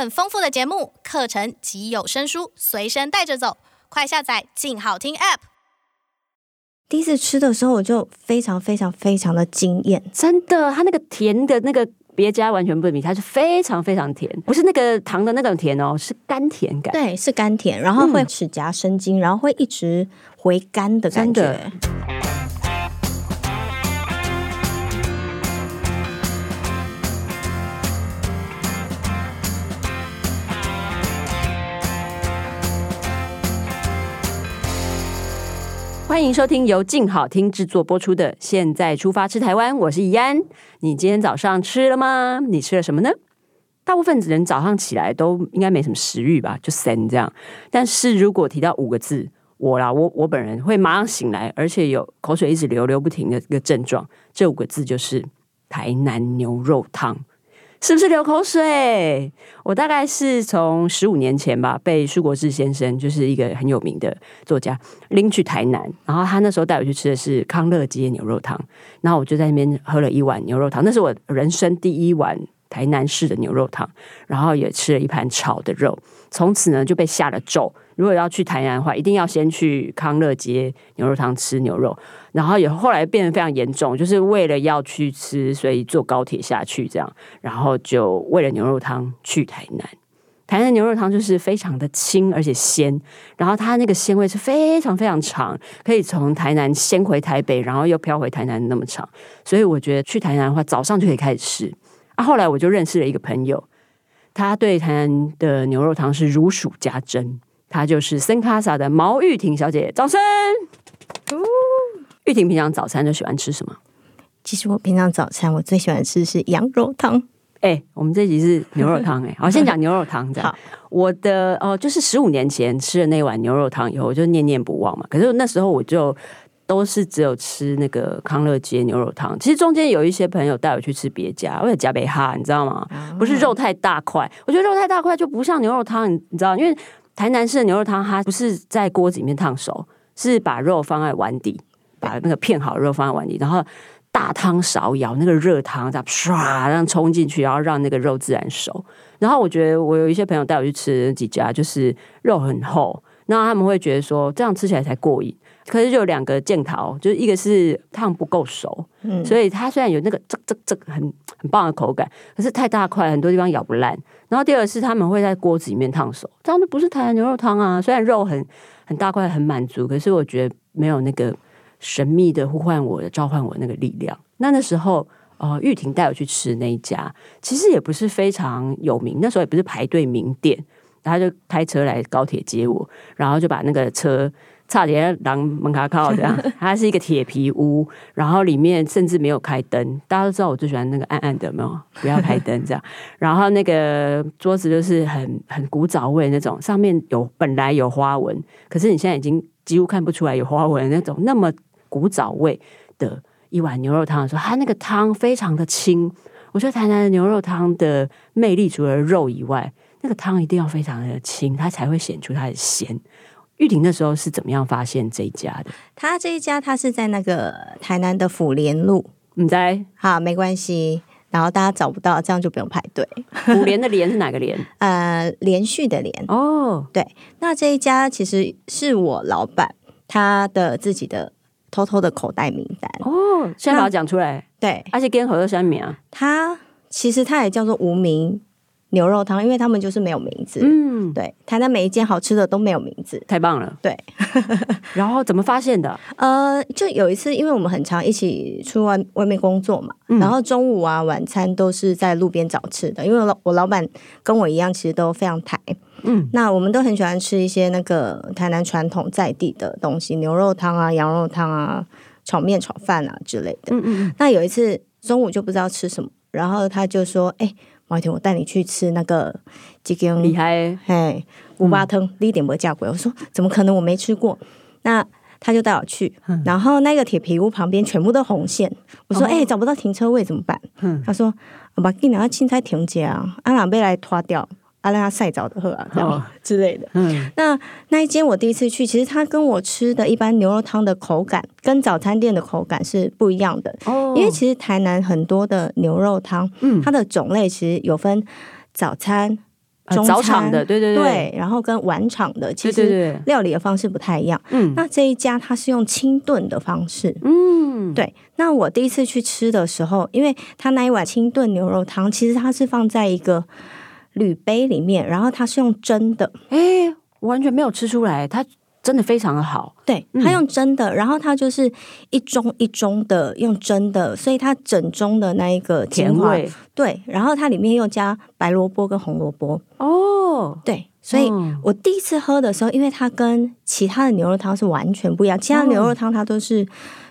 很豐富的節目、課程及有聲書隨身帶着走，快下載鏡好聽 App。第一次吃的時候我就非常非常非常的驚艷，真的，它那個甜的那個別家完全不能比，它是非常非常甜，不是那個糖的那種甜哦，是甘甜感，對，是甘甜，然後會齒頰生津、嗯，然後會一直回甘的感覺。歡迎收聽由靜好聽製作播出的《現在出發吃台灣》，我是怡安。你今天早上吃了嗎？你吃了什麼呢？大部分人早上起來都應該沒什麼食欲吧，就三這樣。但是如果提到五個字，我啦，我我本人會馬上醒來，而且有口水一直流流不停的一個症狀。這五個字就是台南牛肉湯。是不是流口水？我大概是從十五年前吧，被舒國治先生，就是一個很有名的作家，拎去台南，然後他那時候帶我去吃的是康樂街牛肉湯，然後我就在那邊喝了一碗牛肉湯，那是我人生第一碗。台南市的牛肉湯，然後也吃了一盤炒的肉。從此呢，就被下了咒：如果要去台南的話，一定要先去康樂街牛肉湯吃牛肉。然後也後來變得非常嚴重，就是為了要去吃，所以坐高鐵下去，這樣，然後就為了牛肉湯去台南。台南牛肉湯就是非常的清而且鮮，然後它那個鮮味是非常非常長，可以從台南先回台北，然後又飄回台南那麼長。所以我覺得去台南的話，早上就可以開始吃。啊、後來我就認識了一個朋友，他對台南的牛肉湯是如數家珍。他就是森 /CASA 的毛鈺婷小姐，掌聲。哦、鈺婷平常早餐就喜歡吃什麼？其實我平常早餐我最喜歡吃的是羊肉湯。哎、欸，我們這集是牛肉湯哎、欸， 好，先講牛肉湯。好，我的哦，就是十五年前吃了那碗牛肉湯以後，我就念念不忘嘛。可是那時候我就。都是只有吃那個康樂街牛肉湯。其實中間有一些朋友帶我去吃別家，或者加貝哈，你知道嗎、嗯？不是肉太大塊，我覺得肉太大塊就不像牛肉湯，你知道？因為台南式的牛肉湯，它不是在鍋子裡面燙熟，是把肉放在碗底，把那個片好的肉放在碗底，然後大湯勺舀那個熱湯這樣，這樣唰，衝進去，然後讓那個肉自然熟。然後我覺得我有一些朋友帶我去吃的那幾家，就是肉很厚，然後他們會覺得說，這樣吃起來才過癮。可是就有兩個箭頭，就是一個是燙不夠熟，嗯，所以它雖然有那個這這這很很棒的口感，可是太大塊，很多地方咬不爛。然後第二是他們會在鍋子裡面燙熟，這樣不是台南牛肉湯啊。雖然肉很很大塊，很滿足，可是我覺得沒有那個神秘的呼喚我的、召喚我的召喚我那個力量。那那時候，呃，鈺婷帶我去吃的那一家，其實也不是非常有名，那時候也不是排隊名店。他就開車來高鐵接我，然後就把那個車，差點讓門卡靠這樣，它是一個鐵皮屋，然後裡面甚至沒有開燈。大家都知道我最喜歡那個暗暗的，沒有不要開燈這樣。然後那個桌子就是很很古早味那種，上面有本來有花紋，可是你現在已經幾乎看不出來有花紋那種那麼古早味的一碗牛肉湯的時候，它那個湯非常的清。我覺得台南的牛肉湯的魅力除了肉以外，那個湯一定要非常的清，它才會顯出它的鮮。玉婷，那時候是怎麼樣發現這一家的？他這一家他是在那個台南的府連路。你在？好，沒關係。然後大家找不到，這樣就不用排隊。府連的連是哪個聯？呃，連續的連。哦，對。那這一家其實是我老闆他的自己的偷偷的口袋名單。哦，先把它講出來。對，而且跟口又相連。啊。他其實他也叫做無名。牛肉湯，因為他們就是沒有名字。嗯，對，台南每一間好吃的都沒有名字，太棒了。對， 然後怎麼發現的？呃，就有一次，因為我們很常一起出外外面工作嘛、嗯，然後中午啊、晚餐都是在路邊找吃的，因為我老我老闆跟我一樣，其實都非常台。嗯，那我們都很喜歡吃一些那個台南傳統在地的東西，牛肉湯啊、羊肉湯啊、炒麵、炒飯啊之類的。嗯嗯，那有一次中午就不知道吃什麼，然後他就說：“哎、欸。”某一天，我帶你去吃那個雞羹，厲害、欸！嘿五八湯，嗯、你一點沒加貴。我說怎麼可能？我沒吃過。那他就帶我去、嗯，然後那個鐵皮屋旁邊全部都紅線。我說誒、哦欸、找不到停車位怎麼辦？嗯、他說我把你要青菜停街啊，按兩被來拖吊。他讓它曬早的喝啊，這樣、哦、之類的。嗯那，那那一間我第一次去，其實它跟我吃的一般牛肉湯的口感，跟早餐店的口感是不一樣的。哦，因為其實台南很多的牛肉湯，嗯、它的種類其實有分早餐、中餐、嗯、早場的，對對，對對對，然後跟晚場的，其實料理的方式不太一樣。嗯，那這一家它是用清燉的方式。嗯，對。那我第一次去吃的時候，因為它那一碗清燉牛肉湯，其實它是放在一個。鋁杯裡面，然後它是用蒸的，哎，完全沒有吃出來，它真的非常的好。對，它用蒸的，嗯、然後它就是一盅一盅的用蒸的，所以它整盅的那一個甜味，對，然後它裡面又加白蘿蔔跟紅蘿蔔，哦，對，所以我第一次喝的時候，因為它跟其他的牛肉湯是完全不一樣，其他牛肉湯它都是。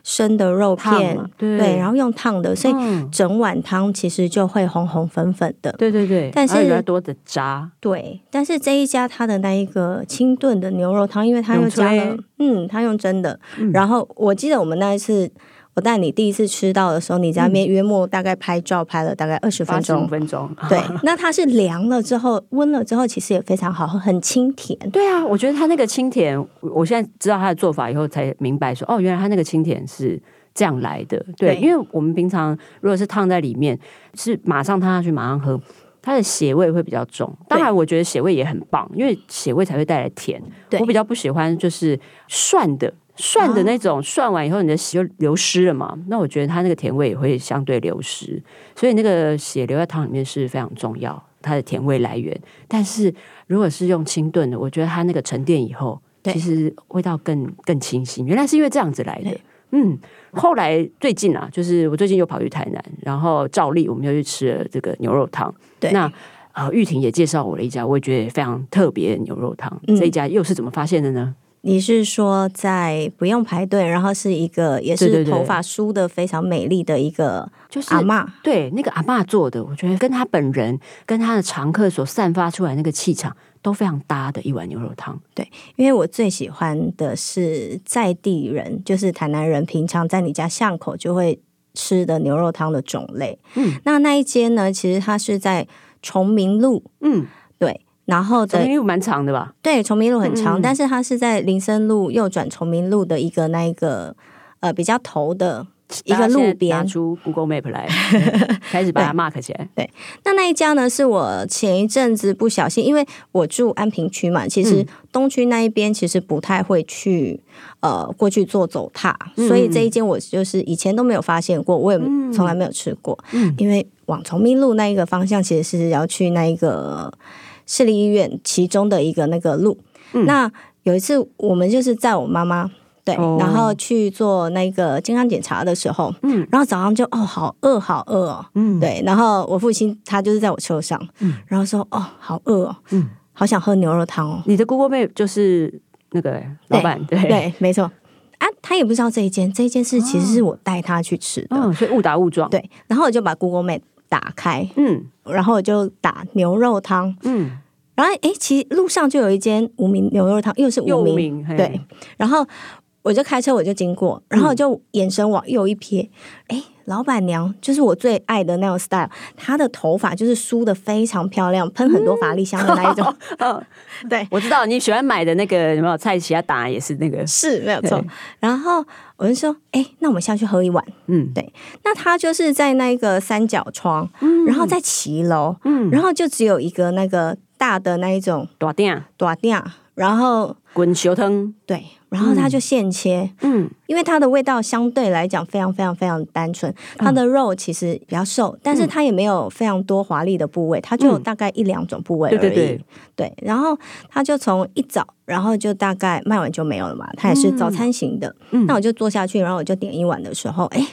生的肉片、啊對，對，然後用燙的，所以整碗湯其實就會紅紅粉粉的。嗯、對對對，但是多的渣。對，但是這一家他的那一個清燉的牛肉湯，因為他又加了，嗯，他用蒸的、嗯，然後我記得我們那一次。不但你第一次吃到的時候，你家面約莫大概拍照拍了大概二十分鐘，十分鐘。對，那它是涼了之後，溫了之後，其實也非常好喝，很清甜。對啊，我覺得它那個清甜，我現在知道它的做法以後才明白說，哦，原來它那個清甜是這樣來的。對，對因為我們平常如果是燙在裡面，是馬上燙下去馬上喝，它的血味會比較重。當然，我覺得血味也很棒，因為血味才會帶來甜。對。我比較不喜歡就是涮的。涮的那種，啊、涮完以後你的血流失了嘛，那我覺得它那個甜味也會相對流失，所以那個血留在湯裡面是非常重要，它的甜味來源。但是如果是用清燉的，我覺得它那個沉澱以後對，其實味道更更清新。原來是因為這樣子來的。嗯，後來最近啊，就是我最近又跑去台南，然後照例我們又去吃了這個牛肉湯。對，那啊、呃、鈺婷也介紹我了一家，我也覺得也非常特別的牛肉湯，嗯。這一家又是怎麼發現的呢？你是說在不用排隊，然後是一個也是頭髮梳得非常美麗的一個就是阿嬤？對，對，對，那個阿嬤做的，我覺得跟她本人跟她的常客所散發出來那個氣場都非常搭的一碗牛肉湯。對，因為我最喜歡的是在地人，就是台南人平常在你家巷口就會吃的牛肉湯的種類。嗯，那那一間呢，其實它是在崇明路。嗯。然後的崇明路蠻長的吧？對，崇明路很長，嗯、但是它是在林森路右轉崇明路的一個那一個呃比較頭的一個路邊。拿出 Google Map 來， 開始把它 mark 起來對。對，那那一家呢，是我前一陣子不小心，因為我住安平區嘛，其實東區那一邊其實不太會去呃過去做走踏、嗯，所以這一間我就是以前都沒有發現過，我也從來沒有吃過、嗯，因為往崇明路那一個方向，其實是要去那一個。市立醫院其中的一個那個路，嗯、那有一次我們就是在我媽媽對、哦，然後去做那個健康檢查的時候，嗯，然後早上就哦好餓好餓哦、嗯，對，然後我父親他就是在我車上，嗯、然後說哦好餓哦，嗯，好想喝牛肉湯哦。你的 Google 姑姑妹就是那個老闆，對對，對，沒錯啊，他也不知道這一件這一件事，其實是我帶他去吃的，哦哦、所以誤打誤撞，對，然後我就把 Google 姑姑妹。打開，嗯，然後我就打牛肉湯，嗯，然後誒，其實路上就有一間無名牛肉湯，又是無名，無名，對，嗯，然後我就開車我就經過，然後我就眼神往右一瞥，哎。老闆娘就是我最愛的那種 style，她的頭髮就是梳的非常漂亮，噴很多髮麗香的那一種。哦、嗯，呵呵呵呵 對，我知道你喜歡買的那個什麼蔡徐坤打也是那個，是沒有錯。然後我就說，哎、欸，那我們下去喝一碗。嗯，對。那他就是在那一個三角窗，嗯，然後在騎樓，嗯，然後就只有一個那個大的那一種，大店，大店，然後滾球湯，對。然後它就現切，嗯，嗯，因為它的味道相對來講非常非常非常單純，嗯，它的肉其實比較瘦，但是它也沒有非常多華麗的部位，嗯，它就大概一兩種部位而已，嗯對對對。對，然後它就從一早，然後就大概賣完就沒有了嘛，它也是早餐型的，嗯。那我就坐下去，然後我就點一碗的時候，哎，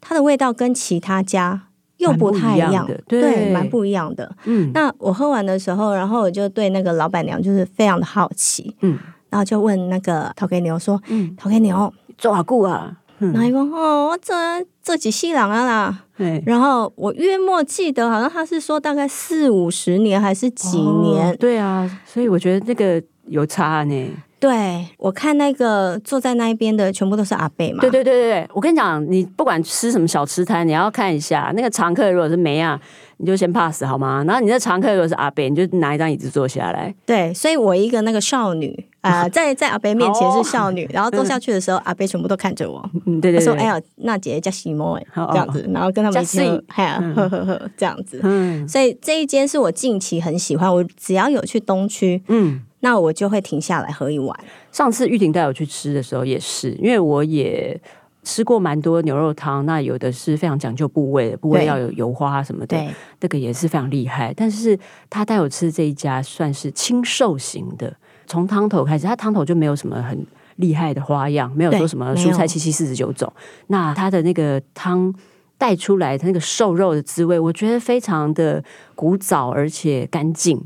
它的味道跟其他家又不太一樣，一樣，對，對，蠻不一樣的。嗯，那我喝完的時候，然後我就對那個老闆娘就是非常的好奇，嗯。然後就問那個陶開牛說：“陶、嗯、開牛，做阿固啊？”然後一個哦，我這這幾世人啊啦。然後我月末記得好像他是說大概四五十年還是幾年、哦？對啊，所以我覺得那個有差呢。對，我看那個坐在那一邊的全部都是阿貝嘛。對對對對對，我跟你講，你不管吃什麼小吃攤，你要看一下那個常客如果是沒啊，你就先 pass 好嗎？然後你的常客如果是阿貝，你就拿一張椅子坐下來。對，所以我一個那個少女。啊、呃，在在阿伯面前是少女，哦嗯、然後坐下去的時候，嗯、阿伯全部都看着我。嗯，對對，對，說哎呀，那姐姐叫西摩，這樣子，然後跟他們吃，哎呀、嗯，呵呵呵，這樣子。嗯，所以這一間是我近期很喜歡，我只要有去東區，嗯，那我就會停下來喝一碗。上次玉婷帶我去吃的時候也是，因為我也吃過蠻多牛肉湯，那有的是非常講究部位，部位要有油花什麼的，對，那個也是非常厲害。但是他帶我吃這一家算是清瘦型的。從湯頭開始，他湯頭就沒有什麼很厲害的花樣，沒有說什麼蔬菜七七四十九種。那他的那個湯帶出來的那個瘦肉的滋味，我覺得非常的古早，而且乾淨，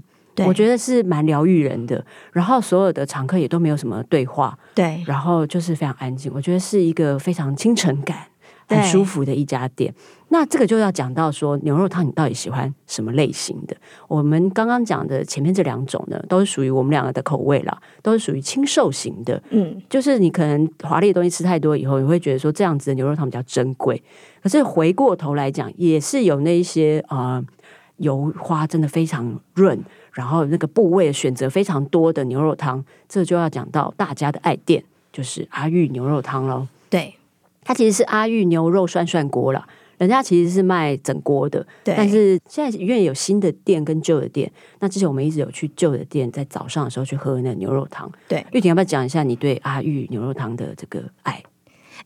我覺得是蠻療癒人的。然後所有的常客也都沒有什麼對話，對，然後就是非常安靜，我覺得是一個非常清晨感，很舒服的一家店，那這個就要講到說牛肉湯，你到底喜歡什麼類型的？我們剛剛講的前面這兩種呢，都是屬於我們兩個的口味啦，都是屬於清瘦型的。嗯，就是你可能華麗的東西吃太多以後，你會覺得說這樣子的牛肉湯比較珍貴。可是回過頭來講，也是有那一些啊、呃、油花真的非常潤，然後那個部位選擇非常多的牛肉湯，這個、就要講到大家的愛店就是阿裕牛肉湯嘍。對。它其實是阿裕牛肉涮涮鍋了，人家其實是賣整鍋的，對。但是現在因為有新的店跟舊的店，那之前我們一直有去舊的店，在早上的時候去喝那個牛肉湯。對，玉婷要不要講一下你對阿裕牛肉湯的這個愛？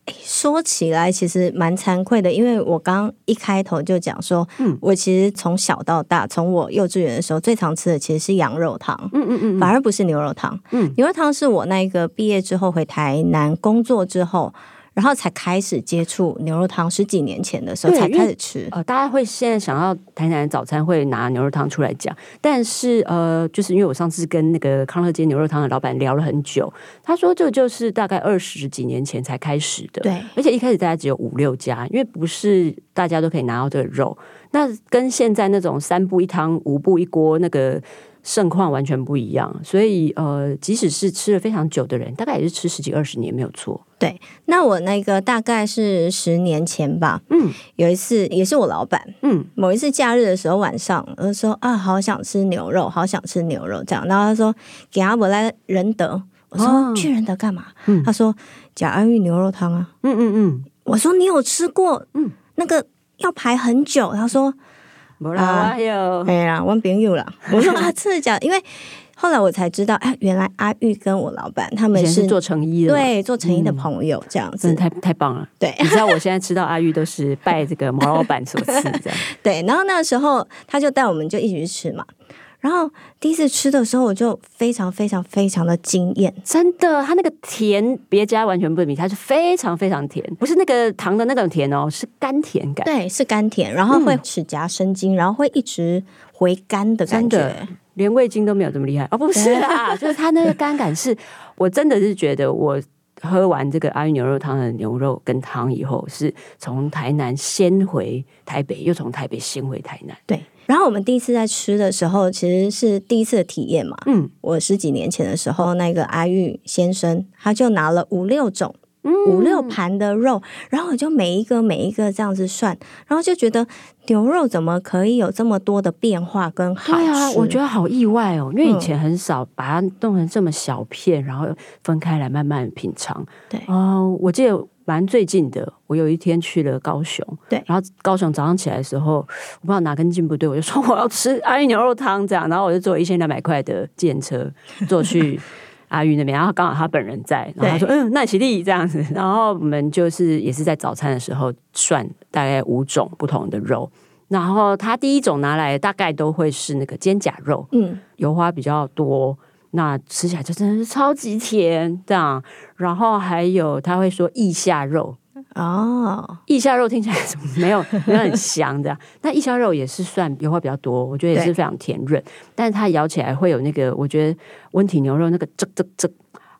說起來其實蠻慚愧的，因為我剛剛一開頭就講說，嗯，我其實從小到大，從我幼稚園的時候最常吃的其實是羊肉湯，嗯嗯嗯，反而不是牛肉湯。嗯，牛肉湯是我那個畢業之後回台南工作之後，然後才開始接觸牛肉湯，十幾年前的時候才開始吃。呃，大家會現在想到台南早餐會拿牛肉湯出來講，但是呃，就是因為我上次跟那個康樂街牛肉湯的老板聊了很久，他說這就是大概二十幾年前才開始的。對，而且一開始大家只有五六家，因為不是大家都可以拿到這個肉。那跟現在那種三步一湯、五步一鍋那個。盛況完全不一樣，所以呃，即使是吃了非常久的人，大概也是吃十幾二十年沒有錯。對，那我那個大概是十年前吧，嗯，有一次也是我老板，嗯，某一次假日的時候晚上，我就說啊，好想吃牛肉，好想吃牛肉這樣，然後他說給阿伯來仁德，我說去仁德幹嘛？嗯、他說呷安裕牛肉湯啊，嗯嗯嗯，我說你有吃過？嗯，那個要排很久，他說。.啊有、 oh, 對呀，忘朋友了。我說啊，真的因為後來我才知道，哎、欸，原來阿玉跟我老板他們是，是做成衣，對，做成衣的朋友、嗯、這樣子，嗯、太太棒了。對，你知道我現在吃到阿玉都是拜這個毛老板所賜，這樣 對。然後那個時候他就帶我們就一起去吃嘛。然後第一次吃的時候，我就非常非常非常的驚艷，真的，它那個甜別家完全不比，它是非常非常甜，不是那個糖的那種甜哦，是甘甜感，對，是甘甜，然後會齒頰生津、嗯，然後會一直回甘的感覺，連味精都沒有這麼厲害哦，不是啦，就是它那個甘感是，是我真的是覺得我喝完這個阿裕牛肉湯的牛肉跟湯以後，是從台南先回台北，又從台北先回台南，對。然後我們第一次在吃的時候，其實是第一次的體驗嘛。嗯，我十幾年前的時候，那個阿玉先生他就拿了五六種、嗯、五六盤的肉，然後我就每一個每一個這樣子算，然後就覺得牛肉怎麼可以有這麼多的變化跟好吃？對啊，我覺得好意外哦，因為以前很少把它弄成這麼小片、嗯，然後分開來慢慢品嘗。對，哦、呃，我記得。蠻最近的，我有一天去了高雄，對，然後高雄早上起來的時候，我不知道哪根筋不對，我就說我要吃阿裕牛肉湯這樣，然後我就坐一千兩百塊的電車坐去阿裕那邊， 然後剛好他本人在，然後他說嗯，那起立這樣子，然後我們就是也是在早餐的時候涮大概五種不同的肉，然後他第一種拿來大概都會是那個肩胛肉，嗯，油花比較多。那吃起來就真的是超級甜，這樣。然後還有他會說腋下肉哦，腋、oh. 下肉聽起來沒有沒有很香的，這樣。那腋下肉也是算油花比較多，我覺得也是非常甜潤，但是它咬起來會有那個我覺得溫體牛肉那個這這這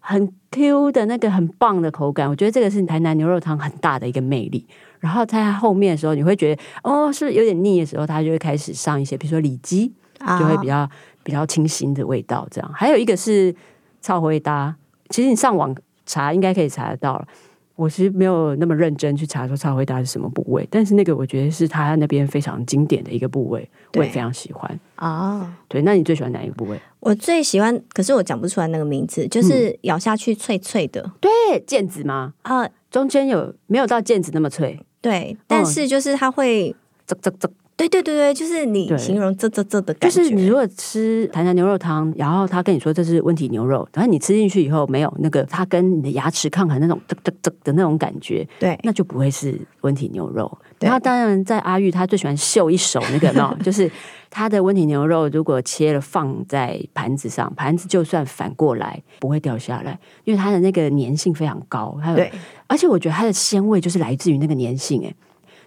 很 Q 的那個很棒的口感，我覺得這個是台南牛肉湯很大的一個魅力。然後在後面的時候，你會覺得哦，是，是有點膩的時候，他就會開始上一些，比如說里脊，就會比較。Oh. 比較清新的味道，這樣，還有一個是草灰搭，其實你上網查應該可以查得到。我其實沒有那麼認真去查說草灰搭是什麼部位，但是那個我覺得是它那邊非常經典的一個部位，我也非常喜歡啊。Oh. 對，那你最喜歡哪一個部位？我最喜歡，可是我講不出來那個名字，就是咬下去脆脆的，嗯、對，腱子嗎？啊、uh,，中間有沒有到腱子那麼脆？對，嗯、但是就是它會嘖嘖嘖對對對對，就是你形容「這這這」的感覺。就是你如果吃台南牛肉湯，然後他跟你說這是溫體牛肉，然後你吃進去以後沒有那個它跟你的牙齒抗衡那種的的的那種感覺，對，那就不會是溫體牛肉。然當然，在阿玉他最喜歡秀一手、那個、 那個，就是他的溫體牛肉如果切了放在盤子上，盤子就算反過來不會掉下來，因為它的那個粘性非常高，還有。對，而且我覺得它的鮮味就是來自於那個粘性，哎。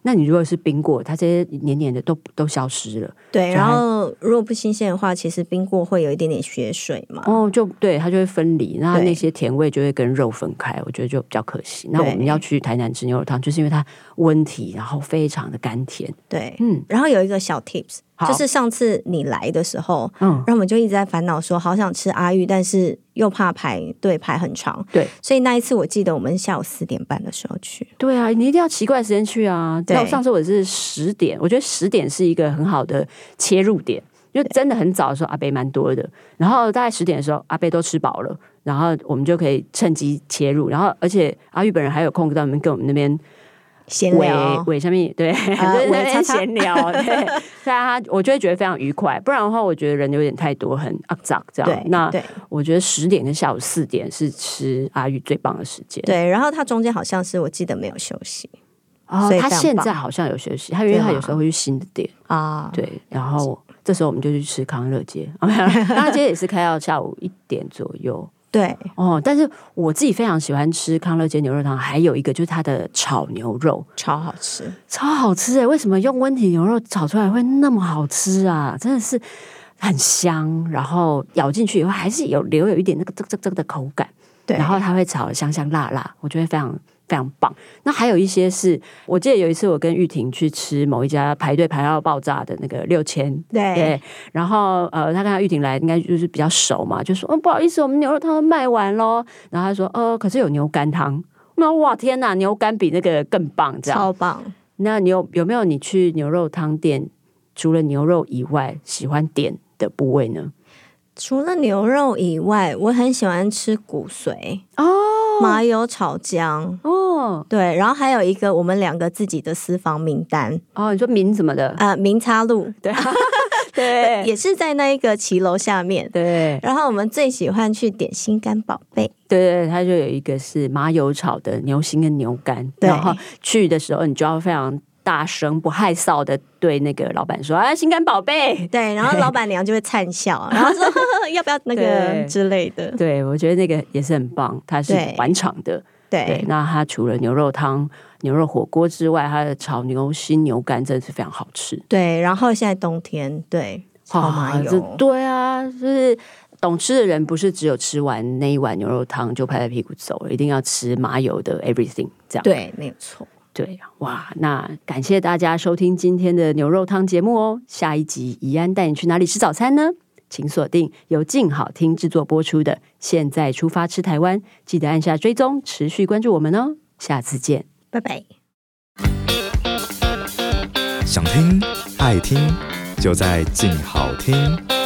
那你如果是冰過，它這些黏黏的都都消失了。對，然後如果不新鮮的話，其實冰過會有一點點血水嘛。哦，就對，它就會分離，那那些甜味就會跟肉分開，我覺得就比較可惜。那我們要去台南吃牛肉湯，就是因為它溫體，然後非常的甘甜。對，嗯，然後有一個小 tips，就是上次你來的時候，嗯，然後我們就一直在煩惱說，好想吃阿玉，但是。又怕排隊排很長，對，所以那一次我記得我們下午四點半的時候去，對啊，你一定要奇怪時間去啊。對，我上次我是十點，我覺得十點是一個很好的切入點，因為真的很早的時候阿伯蠻多的，然後大概十點的時候阿伯都吃飽了，然後我們就可以趁機切入，然後而且阿玉本人還有空到你們跟我們那邊。閒聊，聊什麼？對，我、呃、在、就是、那邊閒聊、呃。對，嗯、他， 我就會覺得非常愉快。不然的話，我覺得人有點太多，很阿雜，這樣。對，那對，我覺得十點跟下午四點是吃阿裕最棒的時間。對，然後他中間好像是我記得沒有休息。哦，他現在好像有休息。他因為他有時候會去新的店啊。對，然後這時候我們就去吃康樂街。康樂街也是開到下午一點左右。對，哦，但是我自己非常喜歡吃康樂街牛肉湯，還有一個就是它的炒牛肉，超好吃，超好吃哎！為什麼用溫體牛肉炒出來會那麼好吃啊？真的是很香，然後咬進去以後還是有留有一點那個這這這個的口感，對，然後它會炒香香辣辣，我覺得非常。非常棒。那還有一些是，我記得有一次我跟玉婷去吃某一家排隊排到爆炸的那個六千，對。然後呃，他跟玉婷來應該就是比較熟嘛，就說哦不好意思，我們牛肉湯都賣完嘍。然後他說呃，可是有牛肝湯。那哇天哪，牛肝比那個更棒，這樣超棒。那有有沒有你去牛肉湯店除了牛肉以外喜歡點的部位呢？除了牛肉以外，我很喜歡吃骨髓哦。麻油炒薑哦，對，然後還有一個我們兩個自己的私房名單哦，你說名什麼的啊？民插路，對 對，也是在那一個騎樓下面，對。然後我們最喜歡去點心肝寶貝，對，他就有一個是麻油炒的牛心跟牛肝，對，然後去的時候你就要非常。大聲不害臊的對那個老闆說啊、哎，心肝寶貝，對，然後老闆娘就會燦笑， 然後說呵呵要不要那個之類的，對，對我覺得那個也是很棒，它是滿場的對，對，那它除了牛肉湯、牛肉火鍋之外，它的炒牛心、牛肝真的是非常好吃，對，然後現在冬天對炒麻油、哦，對啊，就是懂吃的人不是只有吃完那一碗牛肉湯就拍拍屁股走了，一定要吃麻油的 everything 這樣，對，沒有錯。對、啊，哇，那感謝大家收聽今天的牛肉湯節目哦。下一集怡安帶你去哪裡吃早餐呢？請鎖定由鏡好聽製作播出的《現在出發吃台灣》，記得按下追蹤，持續關注我們哦。下次見，拜拜。想聽愛聽，就在鏡好聽。